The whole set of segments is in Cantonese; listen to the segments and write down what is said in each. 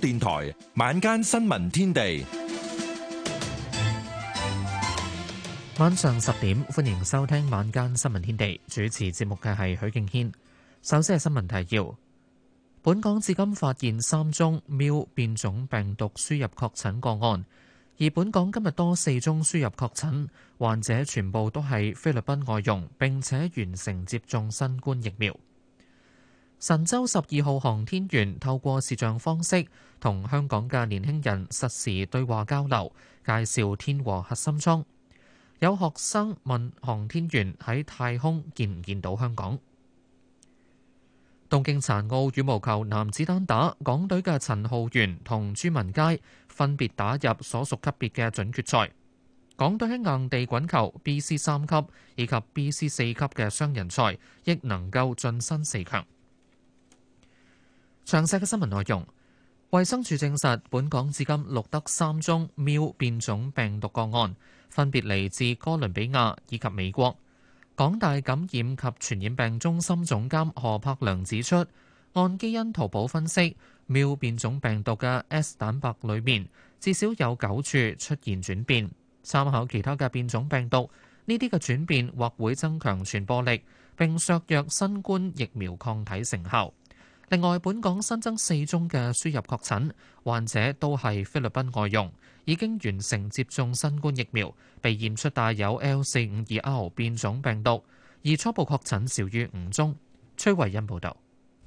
電台晚間新聞天地，晚上十點歡迎收聽晚間新聞天地，主持節目嘅係許敬軒。首先係新聞提要：本港至今發現三宗謬變種病毒輸入確診個案，而本港今日多四宗輸入確診患者，全部都係菲律賓外傭，並且完成接種新冠疫苗。神舟十二號航天員透過視像方式同香港嘅年輕人實時對話交流，介紹天和核心艙。有學生問航天員喺太空見唔見到香港？東京殘奧羽毛球男子單打，港隊嘅陳浩源同朱文佳分別打入所屬級別嘅準決賽。港隊喺硬地滾球 B C 三級以及 B C 四級嘅雙人賽，亦能夠晉身四強。詳細嘅新聞內容，衛生署證實，本港至今錄得三宗 Mu 變種病毒個案，分別嚟自哥倫比亞以及美國。港大感染及傳染病中心總監何柏良指出，按基因圖譜分析，Mu 變種病毒嘅 S 蛋白裏面至少有九處出現轉變。參考其他嘅變種病毒，呢啲嘅轉變或會增強傳播力，並削弱新冠疫苗抗體成效。另外，本港新增四宗嘅輸入確診患者都係菲律賓外傭，已經完成接種新冠疫苗，被驗出帶有 L 四五二 R 變種病毒，而初步確診少於五宗。崔慧欣報道。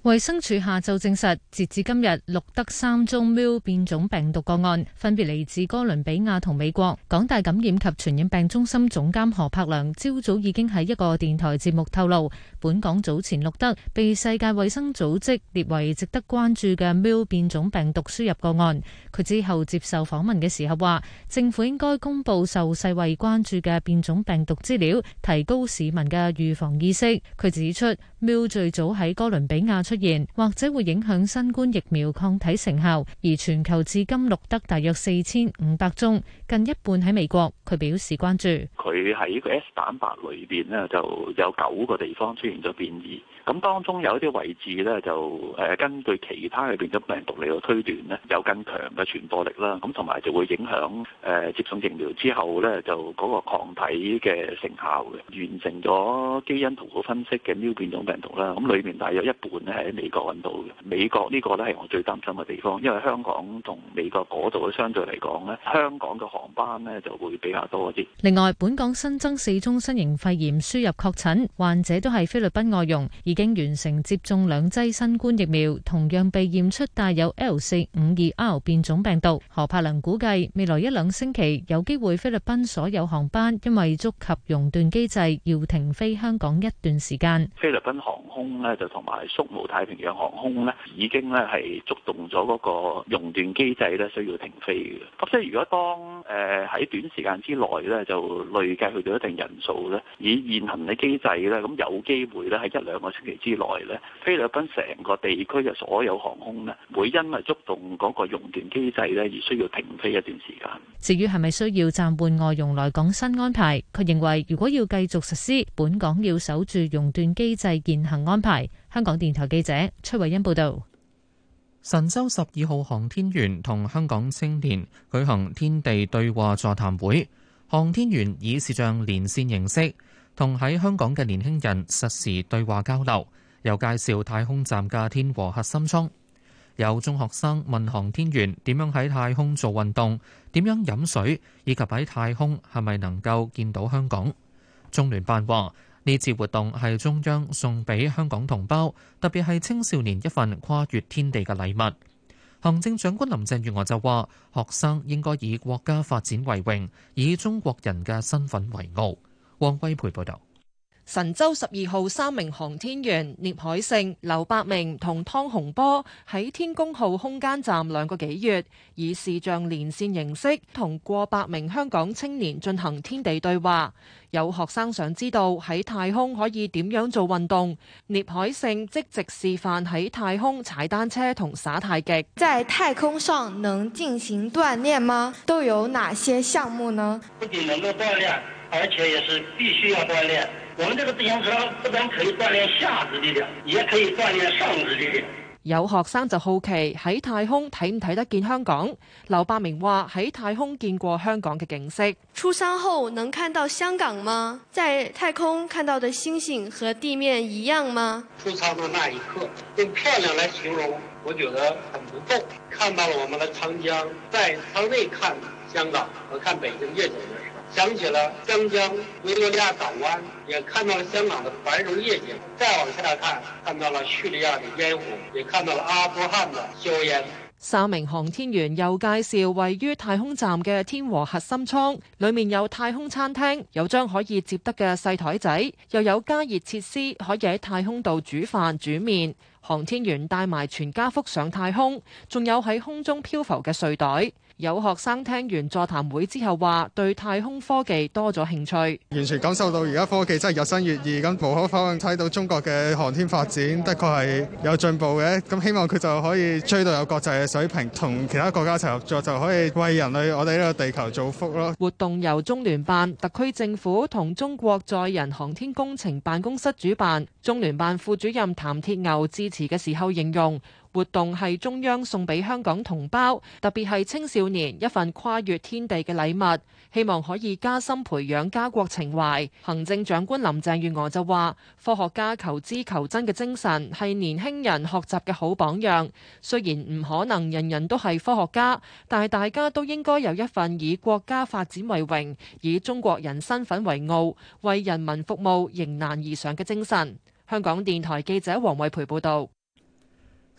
衛生署下晝證實，截至今日錄得三宗喵 u 變種病毒個案，分別嚟自哥倫比亞同美國。港大感染及傳染病中心總監何柏良朝早已經喺一個電台節目透露，本港早前錄得被世界衛生組織列為值得關注嘅喵 u 變種病毒輸入個案。佢之後接受訪問嘅時候話，政府應該公布受世衛關注嘅變種病毒資料，提高市民嘅預防意識。佢指出喵最早喺哥倫比亞出現或者會影響新冠疫苗抗體成效，而全球至今錄得大約四千五百宗，近一半喺美國。佢表示關注，佢喺呢個 S 蛋白裏邊咧就有九個地方出現咗變異。咁當中有一啲位置咧，就誒根據其他嘅變種病毒嚟到推斷咧，有更強嘅傳播力啦。咁同埋就會影響誒接種疫苗之後咧，就嗰個抗體嘅成效嘅。完成咗基因圖譜分析嘅 new 變種病毒啦，咁裏面大約一半咧喺美國揾到嘅。美國呢個咧係我最擔心嘅地方，因為香港同美國嗰度相對嚟講咧，香港嘅航班咧就會比較多啲。另外，本港新增四宗新型肺炎輸入確診，患者都係菲律賓外傭。已經完成接種兩劑新冠疫苗，同樣被驗出帶有 L 四五二 R 變種病毒。何柏良估計未來一兩星期有機會菲律賓所有航班因為觸及熔斷機制要停飛香港一段時間。菲律賓航空呢，就同埋宿務太平洋航空呢，已經咧係觸動咗嗰個熔斷機制咧，需要停飛嘅。咁即係如果當誒喺，呃、短時間之內咧就累計去到一定人數咧，以現行嘅機制咧，咁有機會咧喺一兩個。期之內呢，菲律賓成個地區嘅所有航空呢，會因為觸動嗰個熔斷機制呢而需要停飛一段時間。至於係咪需要暫緩外傭來港新安排，佢認為如果要繼續實施，本港要守住熔斷機制現行安排。香港電台記者崔慧欣報道。是是報道神舟十二號航天員同香港青年舉行天地對話座談會，航天員以視像連線形式同喺香港嘅年輕人實時對話交流，又介紹太空站嘅天和核心艙。有中學生問航天員點樣喺太空做運動、點樣飲水，以及喺太空係咪能夠見到香港。中聯辦話，呢次活動係中央送俾香港同胞，特別係青少年一份跨越天地嘅禮物。行政長官林鄭月娥就話：學生應該以國家發展為榮，以中國人嘅身份為傲。汪威培報道：神舟十二號三名航天員聶海勝、劉伯明同湯洪波喺天宮號空間站兩個幾月，以視像連線形式同過百名香港青年進行天地對話。有學生想知道喺太空可以點樣做運動？聶海勝即席示範喺太空踩單車同耍太極。在太空上能進行鍛煉嗎？都有哪些項目呢？能不僅能夠鍛煉。而且也是必須要鍛煉。我們這個自行車不但可以鍛煉下肢力量，也可以鍛煉上肢力量。有學生就好奇，喺太空睇唔睇得見香港？劉伯明話：喺太空見過香港嘅景色。出艙後能看到香港嗎？在太空看到的星星和地面一樣嗎？出艙的那一刻，用漂亮來形容，我覺得很不夠。看到了我們的長江，在艙內看香港和看北京夜景。想起了香江維多利亞港灣，也看到了香港的繁榮夜景。再往下看，看到了敘利亞的煙火，也看到了阿富汗的硝煙。三名航天員又介紹位於太空站嘅天和核心艙，裏面有太空餐廳，有張可以接得嘅細台仔，又有加熱設施，可以喺太空度煮飯煮麵。航天員帶埋全家福上太空，仲有喺空中漂浮嘅睡袋。有學生聽完座談會之後話：對太空科技多咗興趣，完全感受到而家科技真係日新月異。咁無可否認，睇到中國嘅航天發展，的確係有進步嘅。咁希望佢就可以追到有國際嘅水平，同其他國家一齊合作，就可以為人類我哋呢個地球造福咯。活動由中聯辦、特區政府同中國載人航天工程辦公室主辦。中聯辦副主任譚鐵牛致辭嘅時候形容。活動係中央送俾香港同胞，特別係青少年一份跨越天地嘅禮物，希望可以加深培養家國情懷。行政長官林鄭月娥就話：科學家求知求真嘅精神係年輕人學習嘅好榜樣。雖然唔可能人人都係科學家，但係大家都應該有一份以國家發展為榮、以中國人身份為傲、為人民服務、迎難而上嘅精神。香港電台記者黃慧培報導。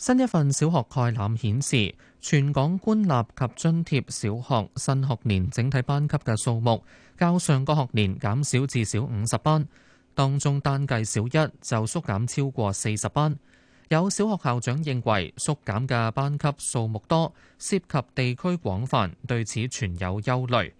新一份小學概覽顯示，全港官立及津貼小學新學年整體班級嘅數目，較上個學年減少至少五十班，當中單計小一就縮減超過四十班。有小學校長認為縮減嘅班級數目多，涉及地區廣泛，對此存有憂慮。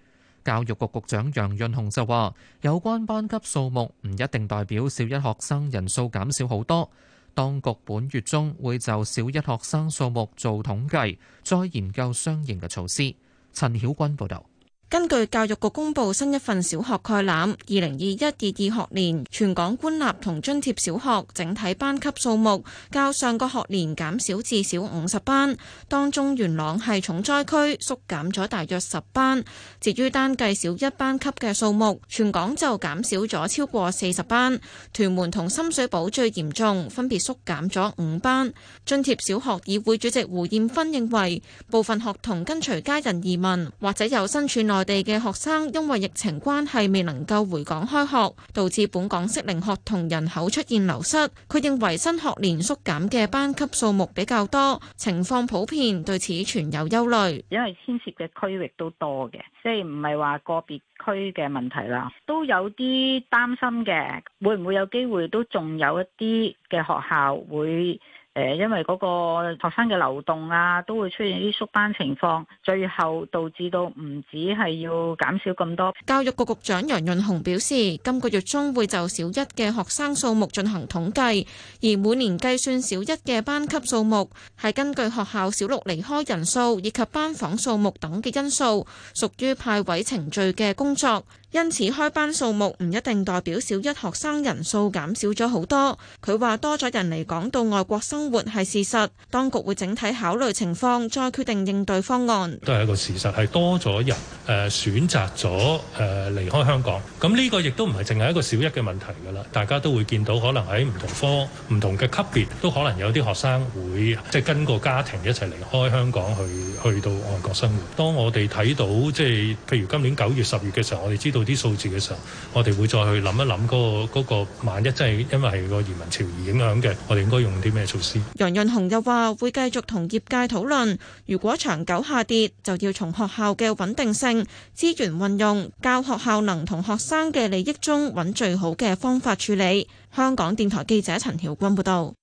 教育局局長楊潤雄就話有關班級數目唔一定代表小一學生人數減少好多。當局本月中會就小一學生數目做統計，再研究相應嘅措施。陳曉君報導。根據教育局公布新一份小學概覽，二零二一二二學年全港官立同津貼小學整體班級數目，較上個學年減少至少五十班。當中元朗係重災區，縮減咗大約十班。至於單計小一班級嘅數目，全港就減少咗超過四十班。屯門同深水埗最嚴重，分別縮減咗五班。津貼小學議會主席胡燕芬認為，部分學童跟隨家人移民，或者有身處內內地嘅學生因為疫情關係未能夠回港開學，導致本港適齡學童人口出現流失。佢認為新學年縮減嘅班級數目比較多，情況普遍，對此存有憂慮。因為牽涉嘅區域都多嘅，即係唔係話個別區嘅問題啦，都有啲擔心嘅，會唔會有機會都仲有一啲嘅學校會？誒，因為嗰個學生嘅流動啊，都會出現啲縮班情況，最後導致到唔止係要減少咁多。教育局局長楊潤雄表示，今個月中會就小一嘅學生數目進行統計，而每年計算小一嘅班級數目，係根據學校小六離開人數以及班房數目等嘅因素，屬於派位程序嘅工作。因此，開班數目唔一定代表小一學生人數減少咗好多。佢話多咗人嚟港到外國生活係事實，當局會整體考慮情況，再決定應對方案。都係一個事實，係多咗人誒、呃、選擇咗誒離開香港。咁呢個亦都唔係淨係一個小一嘅問題㗎啦。大家都會見到，可能喺唔同科、唔同嘅級別，都可能有啲學生會即係跟個家庭一齊離開香港去去到外國生活。當我哋睇到即係譬如今年九月、十月嘅時候，我哋知道。做啲數字嘅時候，我哋會再去諗一諗嗰個嗰個，萬一真係因為係個移民潮而影響嘅，我哋應該用啲咩措施？楊潤雄又話：會繼續同業界討論，如果長久下跌，就要從學校嘅穩定性、資源運用、教學效能同學生嘅利益中揾最好嘅方法處理。香港電台記者陳曉君報導。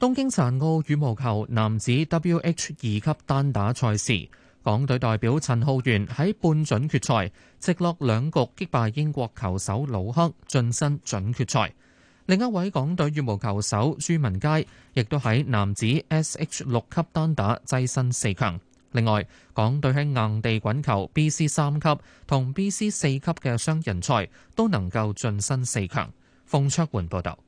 東京殘奧羽毛球男子 WH 二級單打賽事。港隊代表陳浩源喺半準決賽直落兩局擊敗英國球手魯克，晉身準決賽。另一位港隊羽毛球手朱文佳亦都喺男子 SH 六級單打躋身四強。另外，港隊喺硬地滾球 BC 三級同 BC 四級嘅雙人賽都能夠晉身四強。馮卓煥報道。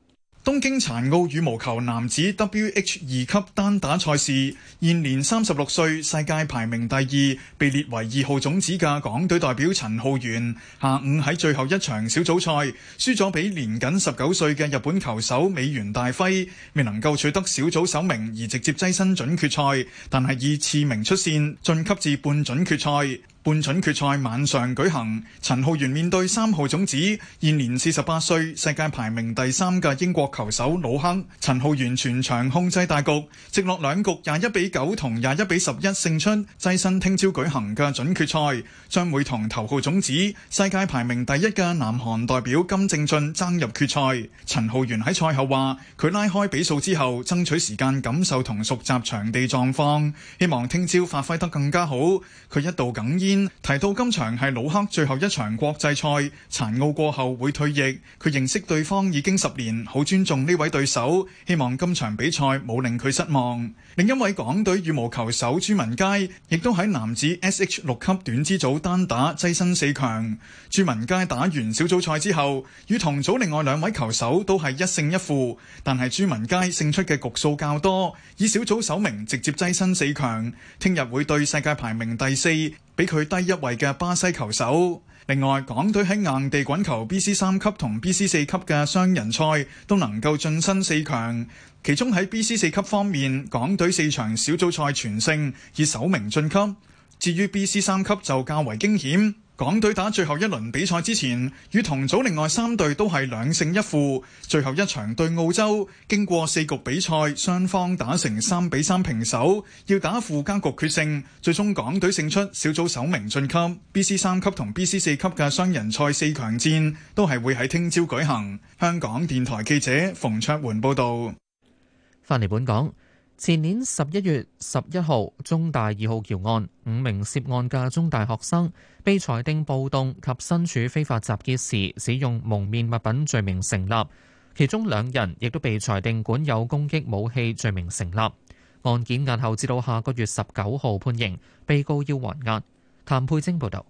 東京殘奧羽毛球男子 W H 二級單打賽事，現年三十六歲、世界排名第二、被列為二號種子嘅港隊代表陳浩源，下午喺最後一場小組賽輸咗俾年僅十九歲嘅日本球手美元大輝，未能夠取得小組首名而直接躋身準決賽，但係以次名出線晉級至半準決賽。半準決賽晚上舉行，陳浩源面對三號種子、現年四十八歲、世界排名第三嘅英國球手魯克。陳浩源全場控制大局，直落兩局廿一比九同廿一比十一勝出，躋身聽朝舉行嘅準決賽，將會同頭號種子、世界排名第一嘅南韓代表金正俊爭入決賽。陳浩源喺賽後話：佢拉開比數之後，爭取時間感受同熟習場地狀況，希望聽朝發揮得更加好。佢一度哽咽。提到今場係老黑最後一場國際賽，殘奧過後會退役。佢認識對方已經十年，好尊重呢位對手。希望今場比賽冇令佢失望。另一位港隊羽毛球手朱文佳亦都喺男子 S H 六級短支組單打躋身四強。朱文佳打完小組賽之後，與同組另外兩位球手都係一勝一負，但係朱文佳勝出嘅局數較多，以小組首名直接躋身四強。聽日會對世界排名第四，比佢低一位嘅巴西球手。另外，港隊喺硬地滾球 BC 三級同 BC 四級嘅雙人賽都能夠晉身四強。其中喺 BC 四級方面，港隊四場小組賽全勝，以首名晉級。至於 BC 三級就較為驚險。港隊打最後一輪比賽之前，與同組另外三隊都係兩勝一負。最後一場對澳洲，經過四局比賽，雙方打成三比三平手，要打附加局決勝，最終港隊勝出，小組首名晉級。B C 三級同 B C 四級嘅雙人賽四強戰都係會喺聽朝舉行。香港電台記者馮卓媛報道。翻嚟本港。前年十一月十一號，中大二號橋案，五名涉案嘅中大學生被裁定暴動及身處非法集結時使用蒙面物品罪名成立，其中兩人亦都被裁定管有攻擊武器罪名成立。案件押後至到下個月十九號判刑，被告要還押。譚佩晶報道。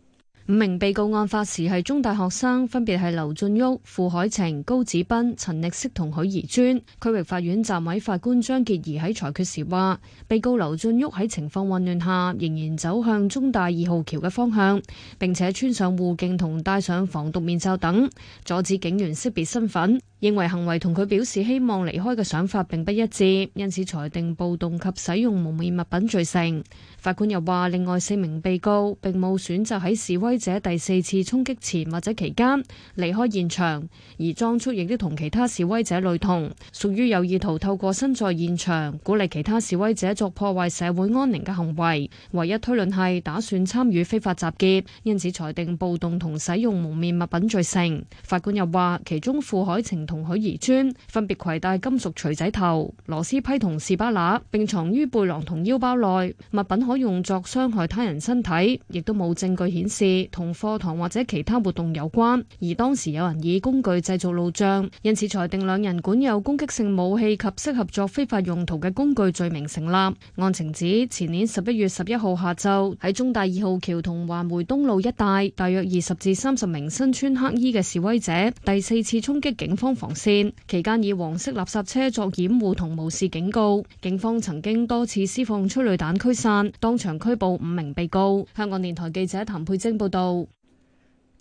五名被告案發時係中大學生，分別係劉俊旭、傅海晴、高子斌、陳力色同許宜專。區域法院暫委法官張潔儀喺裁決時話，被告劉俊旭喺情況混亂下仍然走向中大二號橋嘅方向，並且穿上護鏡同戴上防毒面罩等，阻止警員識別身份，認為行為同佢表示希望離開嘅想法並不一致，因此裁定暴動及使用蒙面物品罪成。法官又話，另外四名被告並冇選擇喺示威者第四次衝擊前或者期間離開現場，而裝束亦都同其他示威者類同，屬於有意圖透過身在現場鼓勵其他示威者作破壞社會安寧嘅行為。唯一推論係打算參與非法集結，因此裁定暴動同使用蒙面物品罪成。法官又話，其中傅海晴。同許宜村分別攜帶金屬錘仔頭、螺絲批同士巴拿，並藏於背囊同腰包內。物品可用作傷害他人身體，亦都冇證據顯示同課堂或者其他活動有關。而當時有人以工具製造路障，因此裁定兩人管有攻擊性武器及適合作非法用途嘅工具罪名成立。案情指前年十一月十一號下晝喺中大二號橋同環迴東路一帶，大約二十至三十名身穿黑衣嘅示威者第四次衝擊警方防線期間以黃色垃圾車作掩護同無視警告，警方曾經多次施放催淚彈驅散，當場拘捕五名被告。香港電台記者譚佩晶報道。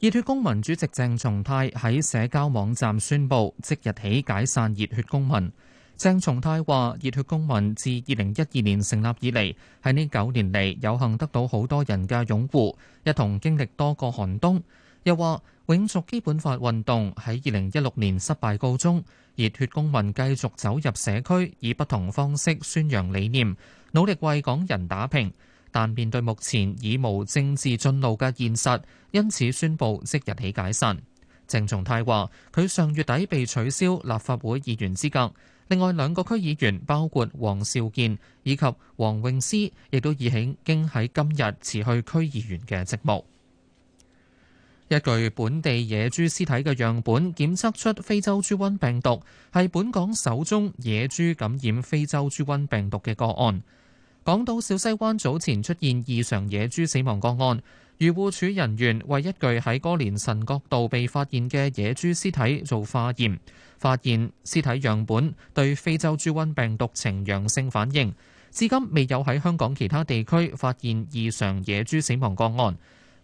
熱血公民主席鄭松泰喺社交網站宣布，即日起解散熱血公民。鄭松泰話：熱血公民自二零一二年成立以嚟，喺呢九年嚟有幸得到好多人嘅擁護，一同經歷多個寒冬。又話永續基本法運動喺二零一六年失敗告終，熱血公民繼續走入社區，以不同方式宣揚理念，努力為港人打拼。但面對目前已無政治進路嘅現實，因此宣布即日起解散。鄭松泰話：佢上月底被取消立法會議員資格，另外兩個區議員包括黃少健以及黃詠詩，亦都已起經喺今日辭去區議員嘅職務。一具本地野豬屍體嘅樣本檢測出非洲豬瘟病毒，係本港首宗野豬感染非洲豬瘟病毒嘅個案。港島小西灣早前出現異常野豬死亡個案，漁護署人員為一具喺歌連臣角道被發現嘅野豬屍體做化驗，發現屍體樣本對非洲豬瘟病毒呈陽性反應，至今未有喺香港其他地區發現異常野豬死亡個案。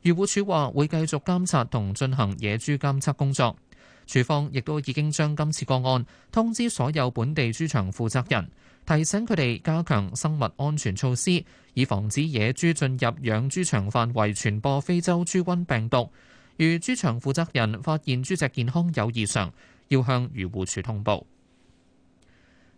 漁護署話會繼續監察同進行野豬監測工作，署方亦都已經將今次個案通知所有本地豬場負責人，提醒佢哋加強生物安全措施，以防止野豬進入養豬場範圍傳播非洲豬瘟病毒。如豬場負責人發現豬隻健康有異常，要向漁護署通報。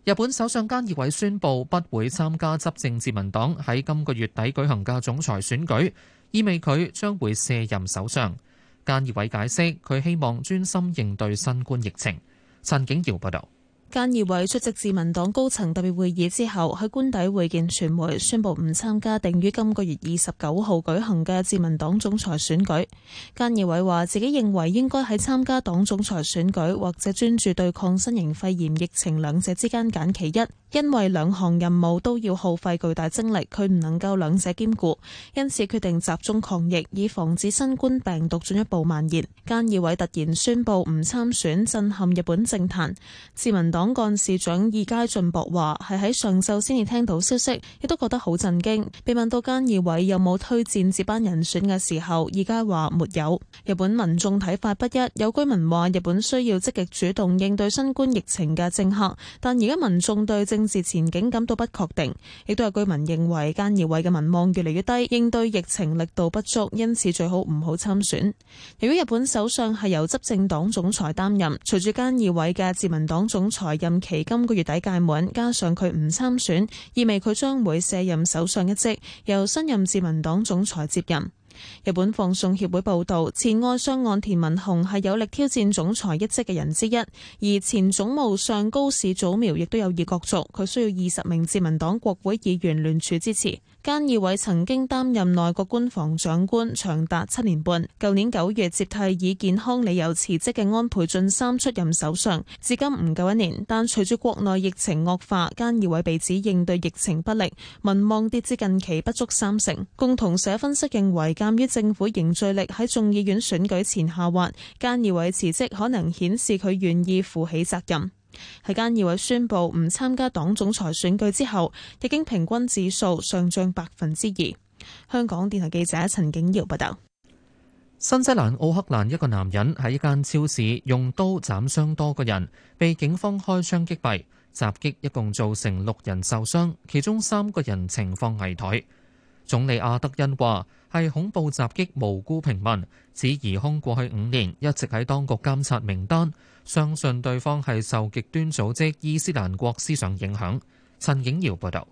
日本首相菅義偉宣布不會參加執政自民黨喺今個月底舉行嘅總裁選舉。意味佢將會卸任首相。菅義偉解釋，佢希望專心應對新冠疫情。陳景耀報道，菅義偉出席自民黨高層特別會議之後，喺官邸會見傳媒，宣布唔參加定於今個月二十九號舉行嘅自民黨總裁選舉。菅義偉話，自己認為應該喺參加黨總裁選舉或者專注對抗新型肺炎疫情兩者之間揀其一。因為兩項任務都要耗費巨大精力，佢唔能夠兩者兼顧，因此決定集中抗疫，以防止新冠病毒進一步蔓延。菅義偉突然宣布唔參選，震撼日本政壇，自民黨幹事長易佳俊博二階俊博話，係喺上晝先至聽到消息，亦都覺得好震驚，被問到菅義偉有冇推薦接班人選嘅時候，二階話沒有。日本民眾睇法不一，有居民話日本需要積極主動應對新冠疫情嘅政客，但而家民眾對政政治前景感到不確定，亦都有居民認為菅義偉嘅民望越嚟越低，應對疫情力度不足，因此最好唔好參選。由於日本首相係由執政黨總裁擔任，隨住菅義偉嘅自民黨總裁任期今個月底屆滿，加上佢唔參選，意味佢將會卸任首相一職，由新任自民黨總裁接任。日本放送協會報導，前外相岸田文雄係有力挑戰總裁一職嘅人之一，而前總務相高市早苗亦都有意角逐，佢需要二十名自民黨國會議員聯署支持。菅義偉曾經擔任內閣官房長官長達七年半，舊年九月接替以健康理由辭職嘅安倍晉三出任首相，至今唔夠一年，但隨住國內疫情惡化，菅義偉被指應對疫情不力，民望跌至近期不足三成。共同社分析認為，鑒於政府凝聚力喺眾議院選舉前下滑，菅義偉辭職可能顯示佢願意負起責任。菅義偉宣布唔參加黨總裁選舉之後，日經平均指數上漲百分之二。香港電台記者陳景瑤報道：新西蘭奧克蘭一個男人喺一間超市用刀斬傷多個人，被警方開槍擊斃。襲擊一共造成六人受傷，其中三個人情況危殆。總理阿德恩話：係恐怖襲擊無辜平民，指疑凶過去五年一直喺當局監察名單。相信對方係受極端組織伊斯蘭國思想影響。陳景瑤報道：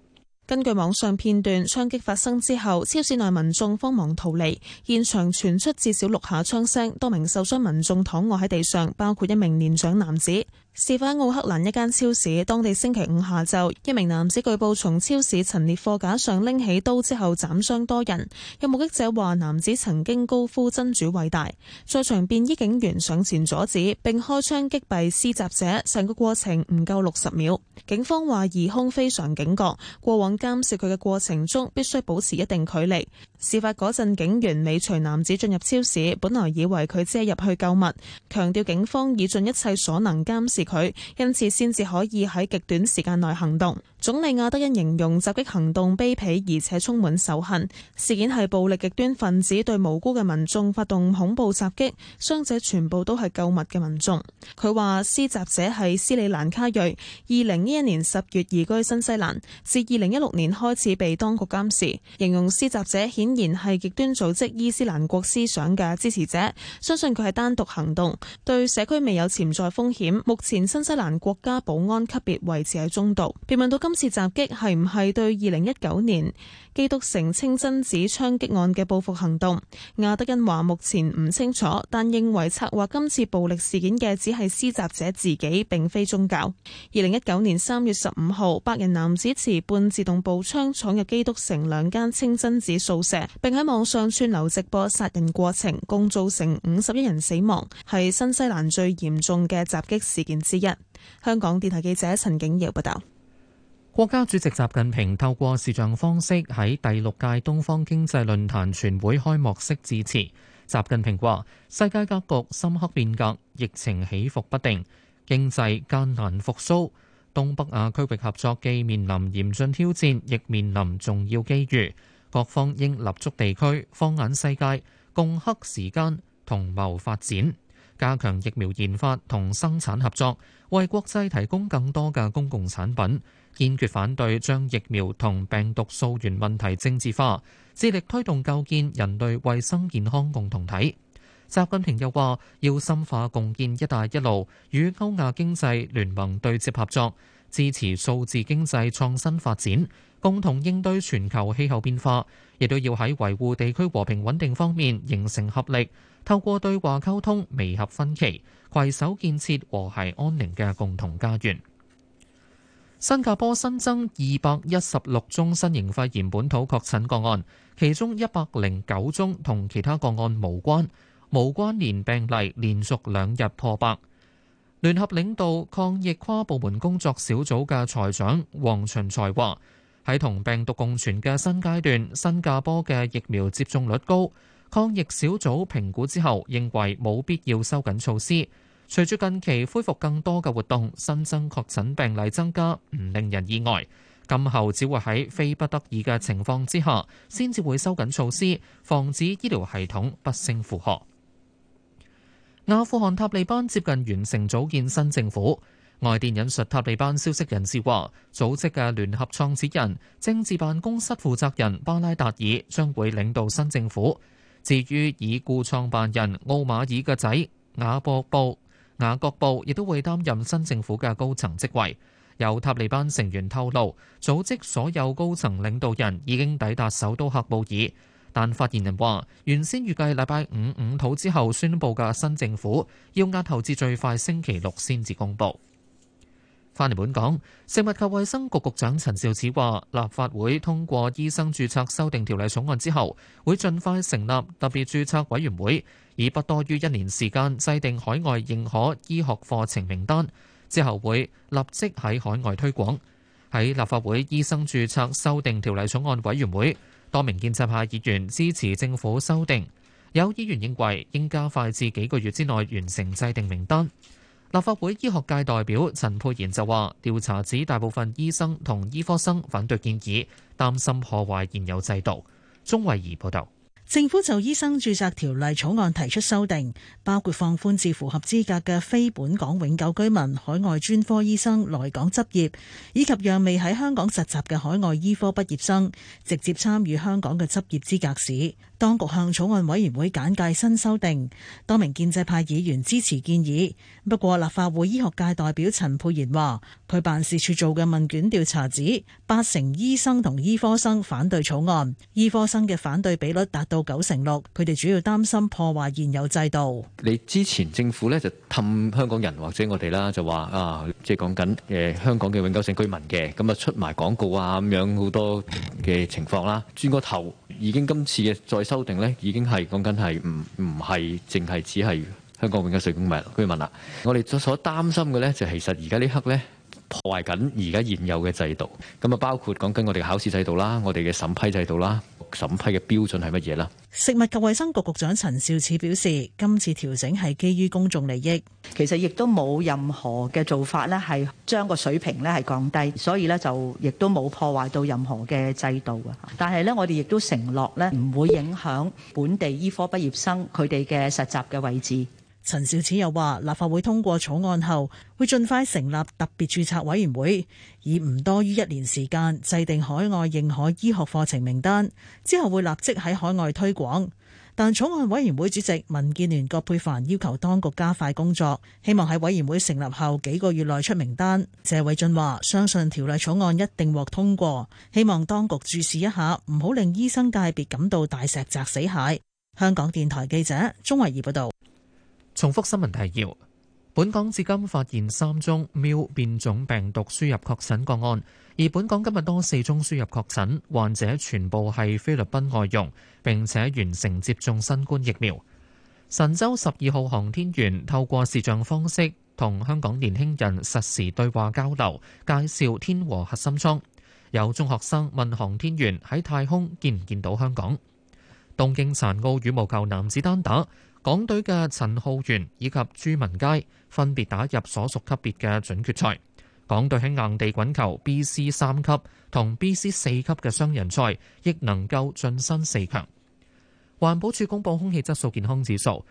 根據網上片段，槍擊發生之後，超市內民眾慌忙逃離，現場傳出至少六下槍聲，多名受傷民眾躺卧喺地上，包括一名年長男子。事發喺奧克蘭一間超市，當地星期五下晝，一名男子據報從超市陳列貨架上拎起刀之後斬傷多人。有目擊者話，男子曾經高呼真主偉大，在場便衣警員上前阻止，並開槍擊斃施襲者。成個過程唔夠六十秒。警方話疑兇非常警覺，過往監視佢嘅過程中必須保持一定距離。事發嗰陣，警員尾隨男子進入超市，本來以為佢只係入去購物，強調警方已盡一切所能監視。佢因此先至可以喺極短時間內行動。總理亞德因形容襲擊行動卑鄙而且充滿仇恨，事件係暴力極端分子對無辜嘅民眾發動恐怖襲擊，傷者全部都係購物嘅民眾。佢話施襲者係斯里蘭卡裔，二零一一年十月移居新西蘭，自二零一六年開始被當局監視。形容施襲者顯然係極端組織伊斯蘭國思想嘅支持者，相信佢係單獨行動，對社區未有潛在風險。目前新西蘭國家保安級別維持喺中度。被問到今次襲擊係唔係對二零一九年基督城清真寺槍擊案嘅報復行動？亞德恩話目前唔清楚，但認為策劃今次暴力事件嘅只係施襲者自己，並非宗教。二零一九年三月十五號，白人男子持半自動步槍闖入基督城兩間清真寺宿舍，並喺網上串流直播殺人過程，共造成五十一人死亡，係新西蘭最嚴重嘅襲擊事件之一。香港電台記者陳景堯報道。國家主席習近平透過視像方式喺第六屆東方經濟論壇全會開幕式致辭。習近平話：世界格局深刻變革，疫情起伏不定，經濟艱難復蘇，東北亞區域合作既面臨嚴峻挑戰，亦面臨重要機遇。各方應立足地區，放眼世界，共克時間，同謀發展。加強疫苗研發同生產合作，為國際提供更多嘅公共產品；堅決反對將疫苗同病毒溯源問題政治化，致力推動構建人類衞生健康共同體。習近平又話：要深化共建「一帶一路」與歐亞經濟聯盟對接合作，支持數字經濟創新發展，共同應對全球氣候變化，亦都要喺維護地區和平穩定方面形成合力。透過對話溝通，弭合分歧，攜手建設和諧安寧嘅共同家園。新加坡新增二百一十六宗新型肺炎本土確診個案，其中一百零九宗同其他個案無關，無關連病例連續兩日破百。聯合領導抗疫跨部門工作小組嘅財長黃循財話：喺同病毒共存嘅新階段，新加坡嘅疫苗接種率高。抗疫小組評估之後，認為冇必要收緊措施。隨住近期恢復更多嘅活動，新增確診病例增加，唔令人意外。今後只會喺非不得已嘅情況之下，先至會收緊措施，防止醫療系統不勝負荷。阿富汗塔利班接近完成組建新政府。外電引述塔利班消息人士話，組織嘅聯合創始人、政治辦公室負責人巴拉達爾將會領導新政府。至於已故創辦人奧馬爾嘅仔雅博布，布、雅各布亦都會擔任新政府嘅高層職位。有塔利班成員透露，組織所有高層領導人已經抵達首都喀布爾，但發言人話，原先預計禮拜五午禱之後宣佈嘅新政府，要押後至最快星期六先至公佈。翻嚟本港，食物及衛生局局長陳肇始話：立法會通過醫生註冊修訂條例草案之後，會盡快成立特別註冊委員會，以不多於一年時間制定海外認可醫學課程名單，之後會立即喺海外推廣。喺立法會醫生註冊修訂條例草案委員會，多名建制派議員支持政府修訂，有議員認為應加快至幾個月之內完成制定名單。立法會醫學界代表陳沛然就話：調查指大部分醫生同醫科生反對建議，擔心破壞現有制度。鍾慧儀報道，政府就醫生註冊條例草案提出修訂，包括放寬至符合資格嘅非本港永久居民海外專科醫生來港執業，以及讓未喺香港實習嘅海外醫科畢業生直接參與香港嘅執業資格試。當局向草案委員會簡介新修訂，多名建制派議員支持建議。不過立法會醫學界代表陳沛然話，佢辦事處做嘅問卷調查指，八成醫生同醫科生反對草案，醫科生嘅反對比率達到九成六。佢哋主要擔心破壞現有制度。你之前政府呢就氹香港人或者我哋啦，就話啊，即係講緊誒香港嘅永久性居民嘅，咁啊出埋廣告啊咁樣好多嘅情況啦。轉個頭已經今次嘅再。修訂咧，已經係講緊係唔唔係淨係只係香港永久性居民居民啦。我哋所擔心嘅咧，就其實而家呢刻咧，破壞緊而家現有嘅制度。咁啊，包括講緊我哋嘅考試制度啦，我哋嘅審批制度啦。審批嘅標準係乜嘢啦？食物及衞生局局長陳肇始表示，今次調整係基於公眾利益，其實亦都冇任何嘅做法呢，係將個水平呢係降低，所以呢就亦都冇破壞到任何嘅制度啊。但係呢，我哋亦都承諾呢唔會影響本地醫科畢業生佢哋嘅實習嘅位置。陳肇始又話：立法會通過草案後，會盡快成立特別註冊委員會，以唔多於一年時間制定海外認可醫學課程名單，之後會立即喺海外推廣。但草案委員會主席民建聯葛珮帆要求當局加快工作，希望喺委員會成立後幾個月內出名單。謝偉俊話：相信條例草案一定獲通過，希望當局注視一下，唔好令醫生界別感到大石砸死蟹。香港電台記者鍾維怡報道。重複新聞提要：本港至今發現三宗苗變種病毒輸入確診個案，而本港今日多四宗輸入確診，患者全部係菲律賓外傭，並且完成接種新冠疫苗。神舟十二號航天員透過視像方式同香港年輕人實時對話交流，介紹天和核心艙。有中學生問航天員喺太空見唔見到香港？東京殘奧羽毛球男子單打。港隊嘅陳浩源以及朱文佳分別打入所屬級別嘅準決賽。港隊喺硬地滾球 B C 三級同 B C 四級嘅雙人賽亦能夠晉身四強。環保署公布空氣質素健康指數，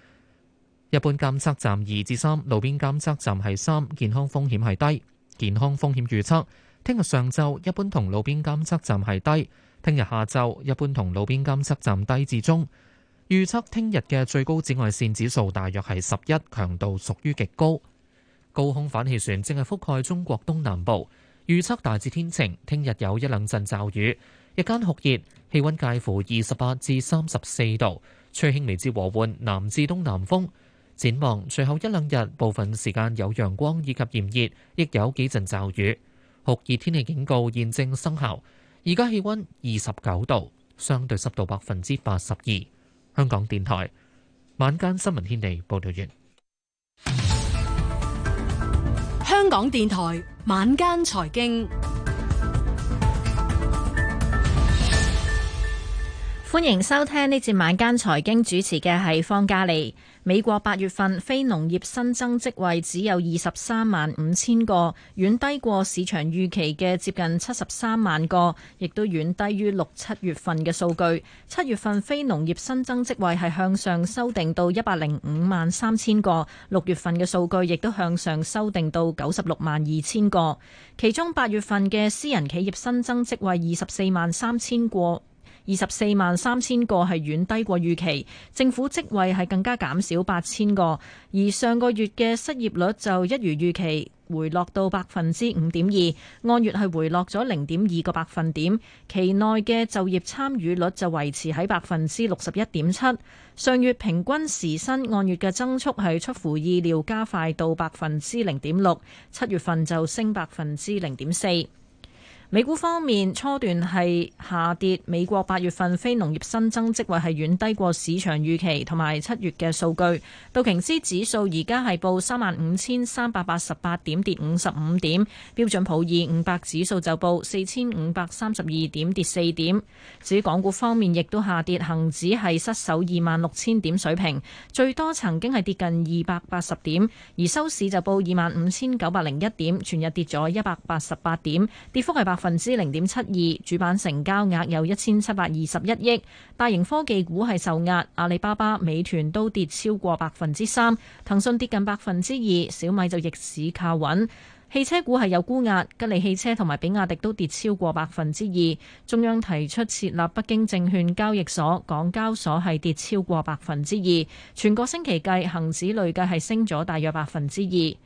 一般監測站二至三，路邊監測站係三，健康風險係低。健康風險預測：聽日上晝一般同路邊監測站係低，聽日下晝一般同路邊監測站低至中。預測聽日嘅最高紫外線指數大約係十一，強度屬於極高。高空反氣旋正係覆蓋中國東南部，預測大致天晴，聽日有一兩陣驟雨，日間酷熱，氣溫介乎二十八至三十四度，吹輕微至和緩南至東南風。展望隨後，一兩日部分時間有陽光以及炎熱，亦有幾陣驟雨。酷熱天氣警告現正生效，而家氣溫二十九度，相對濕度百分之八十二。香港電台晚間新聞天地報道完。香港電台晚間財經。歡迎收聽呢節晚間財經，主持嘅係方嘉利。美國八月份非農業新增職位只有二十三萬五千個，遠低過市場預期嘅接近七十三萬個，亦都遠低於六七月份嘅數據。七月份非農業新增職位係向上修訂到一百零五萬三千個，六月份嘅數據亦都向上修訂到九十六萬二千個。其中八月份嘅私人企業新增職位二十四萬三千個。二十四萬三千個係遠低過預期，政府職位係更加減少八千個，而上個月嘅失業率就一如預期回落到百分之五點二，按月係回落咗零點二個百分點，期內嘅就業參與率就維持喺百分之六十一點七，上月平均時薪按月嘅增速係出乎意料加快到百分之零點六，七月份就升百分之零點四。美股方面，初段係下跌。美國八月份非農業新增職位係遠低過市場預期同埋七月嘅數據。道瓊斯指數而家係報三萬五千三百八十八點，跌五十五點。標準普爾五百指數就報四千五百三十二點，跌四點，至於港股方面，亦都下跌，恒指係失守二萬六千點水平，最多曾經係跌近二百八十點，而收市就報二萬五千九百零一點，全日跌咗一百八十八點，跌幅係百。百分之零點七二，主板成交額有一千七百二十一億。大型科技股係受壓，阿里巴巴、美團都跌超過百分之三，騰訊跌近百分之二，小米就逆市靠穩。汽車股係有沽壓，吉利汽車同埋比亞迪都跌超過百分之二。中央提出設立北京證券交易所，港交所係跌超過百分之二。全個星期計，恒指累計係升咗大約百分之二。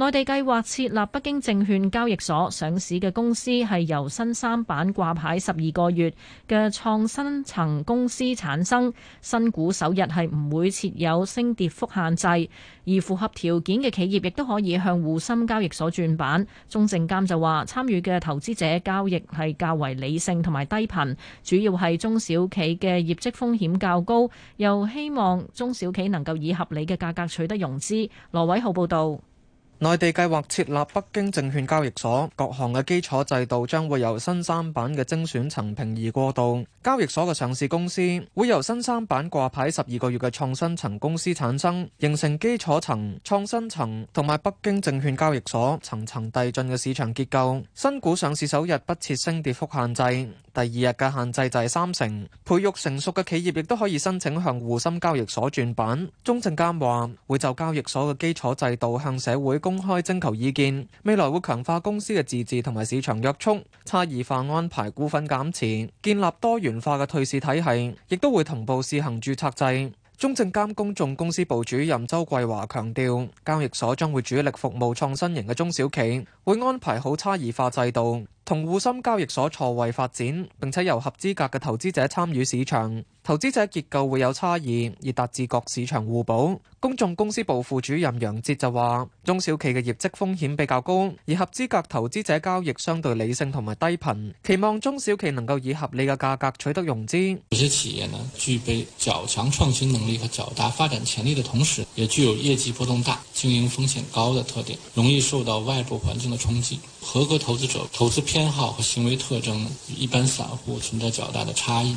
內地計劃設立北京證券交易所，上市嘅公司係由新三板掛牌十二個月嘅創新層公司產生，新股首日係唔會設有升跌幅限制，而符合條件嘅企業亦都可以向滬深交易所轉板。中證監就話，參與嘅投資者交易係較為理性同埋低頻，主要係中小企嘅業績風險較高，又希望中小企能夠以合理嘅價格取得融資。羅偉浩報導。內地計劃設立北京證券交易所，各項嘅基礎制度將會由新三板嘅精選層平移過渡。交易所嘅上市公司會由新三板掛牌十二個月嘅創新層公司產生，形成基礎層、創新層同埋北京證券交易所層層遞進嘅市場結構。新股上市首日不設升跌幅限制。第二日嘅限制就係三成，培育成熟嘅企業亦都可以申請向滬深交易所轉板。中證監話會就交易所嘅基礎制度向社會公開徵求意見，未來會強化公司嘅自治同埋市場約束，差異化安排股份減持，建立多元化嘅退市體系，亦都會同步試行註冊制。中證監公眾公司部主任周桂華強調，交易所將會主力服務創新型嘅中小企，會安排好差異化制度。同滬深交易所錯位發展，並且由合資格嘅投資者參與市場，投資者結構會有差異，而達至各市場互補。公眾公司部副主任楊哲就話：中小企嘅業績風險比較高，而合資格投資者交易相對理性同埋低頻，期望中小企能夠以合理嘅價格取得融資。有些企業呢，具備較強創新能力和較大發展潛力的同時，也具有業績波動大、經營風險高的特點，容易受到外部環境的衝擊。合格投資者投資偏好和行為特徵與一般散戶存在較大的差異。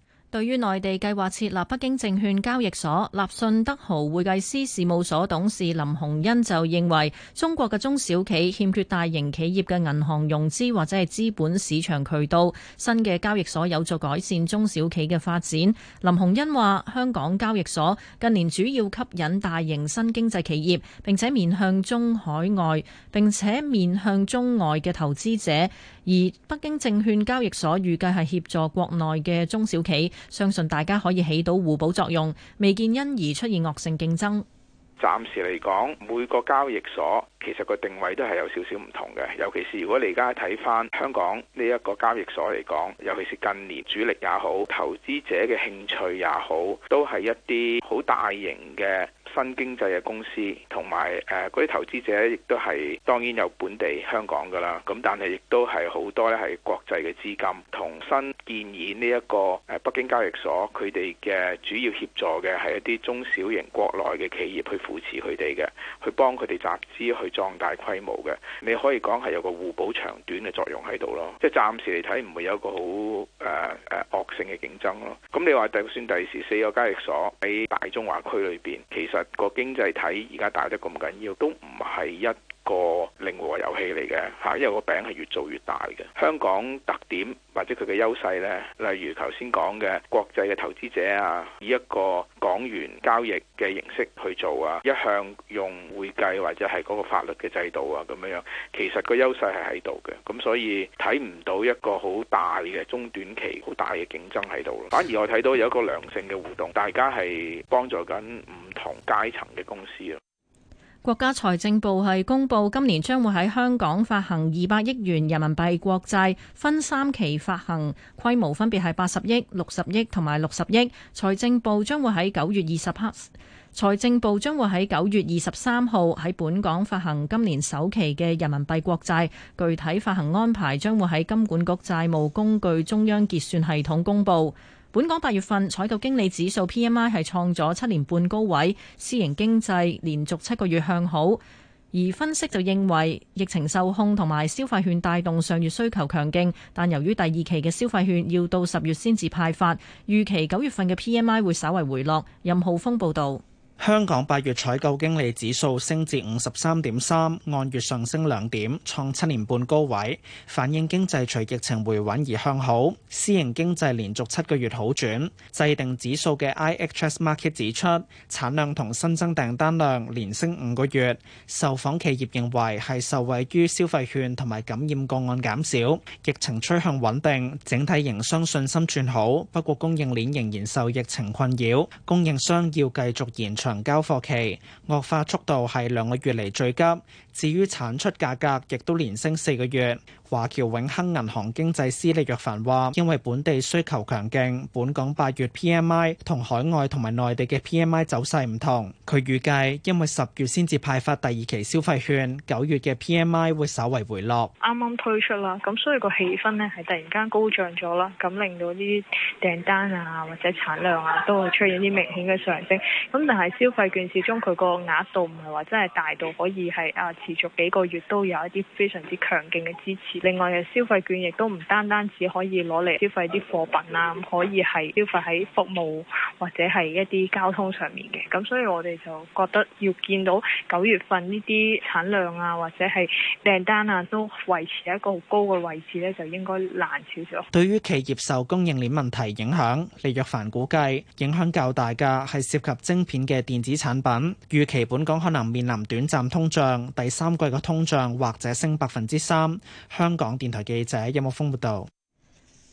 對於內地計劃設立北京證券交易所，立信德豪會計師事務所董事林洪恩就認為，中國嘅中小企欠缺大型企業嘅銀行融資或者係資本市場渠道，新嘅交易所有助改善中小企嘅發展。林洪恩話：香港交易所近年主要吸引大型新經濟企業，並且面向中海外，並且面向中外嘅投資者，而北京證券交易所預計係協助國內嘅中小企。相信大家可以起到互補作用，未見因而出現惡性競爭。暫時嚟講，每個交易所其實個定位都係有少少唔同嘅。尤其是如果你而家睇翻香港呢一個交易所嚟講，尤其是近年主力也好，投資者嘅興趣也好，都係一啲好大型嘅新經濟嘅公司，同埋誒嗰啲投資者亦都係當然有本地香港噶啦。咁但係亦都係好多咧係國際嘅資金同新。建議呢一個誒北京交易所佢哋嘅主要協助嘅係一啲中小型國內嘅企業去扶持佢哋嘅，去幫佢哋集資去壯大規模嘅。你可以講係有個互補長短嘅作用喺度咯，即係暫時嚟睇唔會有一個好誒誒惡性嘅競爭咯。咁、嗯、你話就算第時四個交易所喺大中華區裏邊，其實個經濟體而家大得咁緊要，都唔係一個零和遊戲嚟嘅嚇，因為個餅係越做越大嘅。香港特點或者佢嘅優勢呢，例如頭先講嘅國際嘅投資者啊，以一個港元交易嘅形式去做啊，一向用會計或者係嗰個法律嘅制度啊咁樣樣，其實個優勢係喺度嘅。咁所以睇唔到一個好大嘅中短期、好大嘅競爭喺度。反而我睇到有一個良性嘅互動，大家係幫助緊唔同階層嘅公司咯。國家財政部係公布今年將會喺香港發行二百億元人民幣國債，分三期發行，規模分別係八十億、六十億同埋六十億。財政部將會喺九月二十黑，財政部將會喺九月二十三號喺本港發行今年首期嘅人民幣國債，具體發行安排將會喺金管局債務工具中央結算系統公佈。本港八月份採購經理指數 PMI 係創咗七年半高位，私營經濟連續七個月向好。而分析就認為疫情受控同埋消費券帶動上月需求強勁，但由於第二期嘅消費券要到十月先至派發，預期九月份嘅 PMI 會稍為回落。任浩峰報道。香港八月採購經理指數升至五十三點三，按月上升兩點，創七年半高位，反映經濟隨疫情回穩而向好。私營經濟連續七個月好轉。制定指數嘅 IHS Markit 指出，產量同新增訂單量連升五個月。受訪企業認為係受惠於消費券同埋感染個案減少，疫情趨向穩定，整體營商信心轉好。不過供應鏈仍然受疫情困擾，供應商要繼續延長能交貨期惡化速度係兩個月嚟最急，至於產出價格亦都連升四個月。華僑永亨銀行經濟師李若凡話，因為本地需求強勁，本港八月 P M I 同海外同埋內地嘅 P M I 走勢唔同。佢預計，因為十月先至派發第二期消費券，九月嘅 P M I 會稍為回落。啱啱推出啦，咁所以個氣氛呢，係突然間高漲咗啦，咁令到呢啲訂單啊或者產量啊都會出現啲明顯嘅上升。咁但係消費券始終佢個額度唔係話真係大到可以係啊持續幾個月都有一啲非常之強勁嘅支持。另外嘅消費券亦都唔單單只可以攞嚟消費啲貨品啦，可以係消費喺服務或者係一啲交通上面嘅。咁所以我哋就覺得要見到九月份呢啲產量啊或者係訂單啊都維持喺一個好高嘅位置咧，就應該難少少。對於企業受供應鏈問題影響，李若凡估計影響較大嘅係涉及晶片嘅電子產品，預期本港可能面臨短暫通脹，第三季嘅通脹或者升百分之三。香香港電台記者音樂風報道。有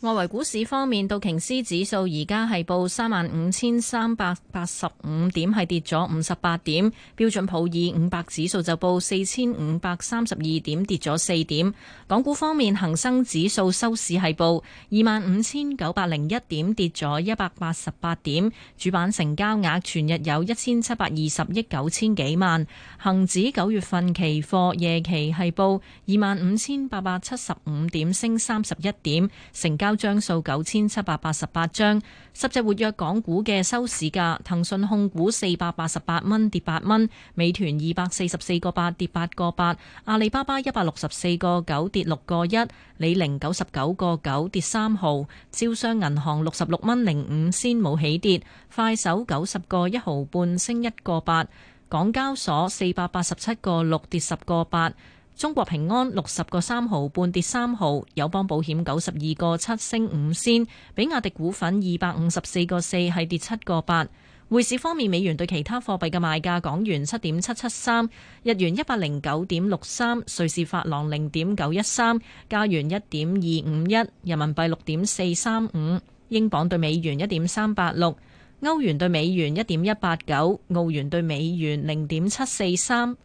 外圍股市方面，道瓊斯指數而家係報三萬五千三百八十五點，係跌咗五十八點；標準普爾五百指數就報四千五百三十二點，跌咗四點。港股方面，恒生指數收市係報二萬五千九百零一點，跌咗一百八十八點。主板成交額全日有一千七百二十億九千幾萬。恒指九月份期貨夜期係報二萬五千八百七十五點，升三十一點。成交。交張數九千七百八十八張，十隻活躍港股嘅收市價：騰訊控股四百八十八蚊跌八蚊，美團二百四十四個八跌八個八，阿里巴巴一百六十四個九跌六個一，李寧九十九個九跌三毫，招商銀行六十六蚊零五先冇起跌，快手九十個一毫半升一個八，港交所四百八十七個六跌十個八。中國平安六十個三毫半跌三毫，友邦保險九十二個七升五仙，比亞迪股份二百五十四個四係跌七個八。匯市方面，美元對其他貨幣嘅賣價：港元七點七七三，日元一百零九點六三，瑞士法郎零點九一三，加元一點二五一，人民幣六點四三五，英鎊對美元一點三八六，歐元對美元一點一八九，澳元對美元零點七四三。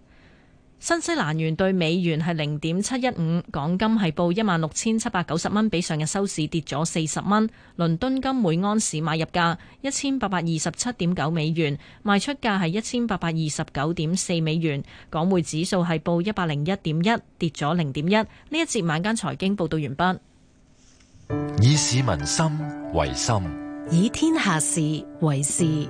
新西蘭元對美元係零點七一五，港金係報一萬六千七百九十蚊，比上日收市跌咗四十蚊。倫敦金每盎司買入價一千八百二十七點九美元，賣出價係一千八百二十九點四美元。港匯指數係報 1, 一百零一點一，跌咗零點一。呢一節晚間財經報道完畢。以市民心為心，以天下事為事。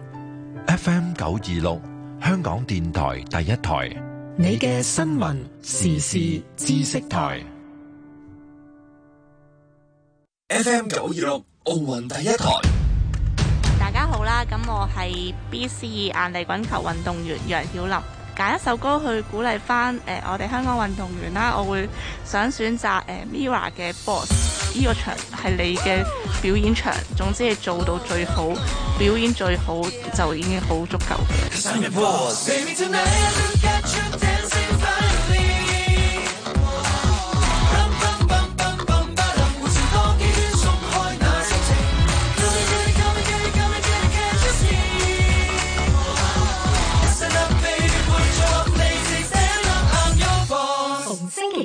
F.M. 九二六，香港電台第一台。你嘅新聞時事資訊台，FM 九二六奧運第一台。 大家好啦，咁我係 B C 二硬地滾球運動員楊曉琳，揀一首歌去鼓勵翻誒我哋香港運動員啦。我會想選擇誒、呃、MIRROR 嘅 Boss，呢個場係你嘅表演場，總之係做到最好，表演最好就已經好足夠。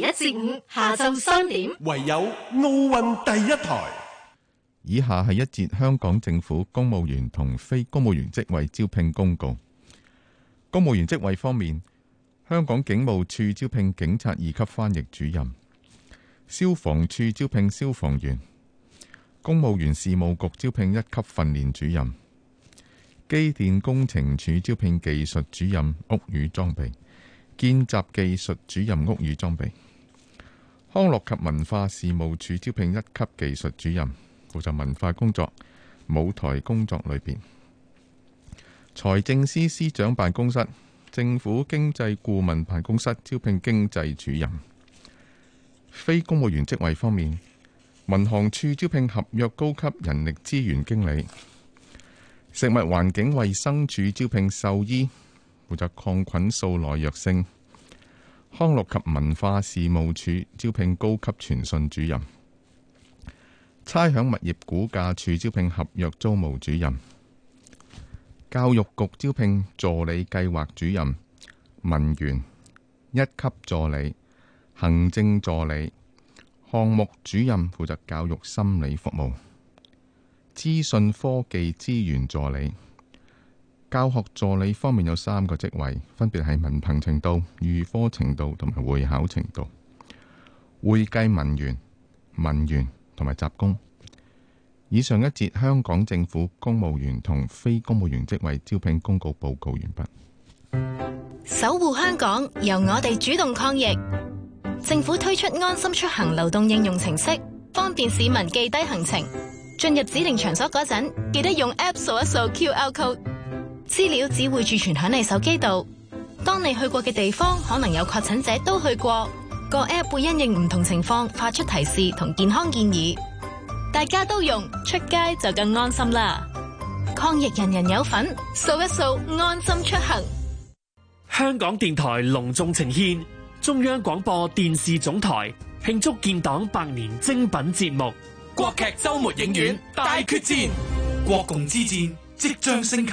一至五下晝三點，唯有奧運第一台。以下係一節香港政府公務員同非公務員職位招聘公告。公務員職位方面，香港警務處招聘警察二級翻譯主任，消防處招聘消防員，公務員事務局招聘一級訓練主任，機電工程處招聘技術主任屋宇裝備，見習技術主任屋宇裝備。康樂及文化事務署招聘一級技術主任，負責文化工作、舞台工作裏邊。財政司司長辦公室、政府經濟顧問辦公室招聘經濟主任。非公務員職位方面，民航處招聘合約高級人力資源經理。食物環境衛生署招聘獸醫，負責抗菌素耐藥性。康樂及文化事務署招聘高級傳訊主任，差餉物業估價署招聘合約租務主任，教育局招聘助理計劃主任、文員、一級助理、行政助理、項目主任負責教育心理服務、資訊科技資源助理。教學助理方面有三個職位，分別係文憑程度、預科程度同埋會考程度。會計文員、文員同埋雜工。以上一節香港政府公務員同非公務員職位招聘公告報告完畢。守護香港，由我哋主動抗疫。政府推出安心出行流動應用程式，方便市民記低行程。進入指定場所嗰陣，記得用 app 掃一掃 QR code。資料只會儲存響你手機度。當你去過嘅地方，可能有確診者都去過，個 App 會因應唔同情況發出提示同健康建議。大家都用，出街就更安心啦。抗疫人人有份，掃一掃安心出行。香港電台隆重呈現中央廣播電視總台慶祝建黨百年精品節目《國劇周末影院》大決戰，國共之戰即將升級。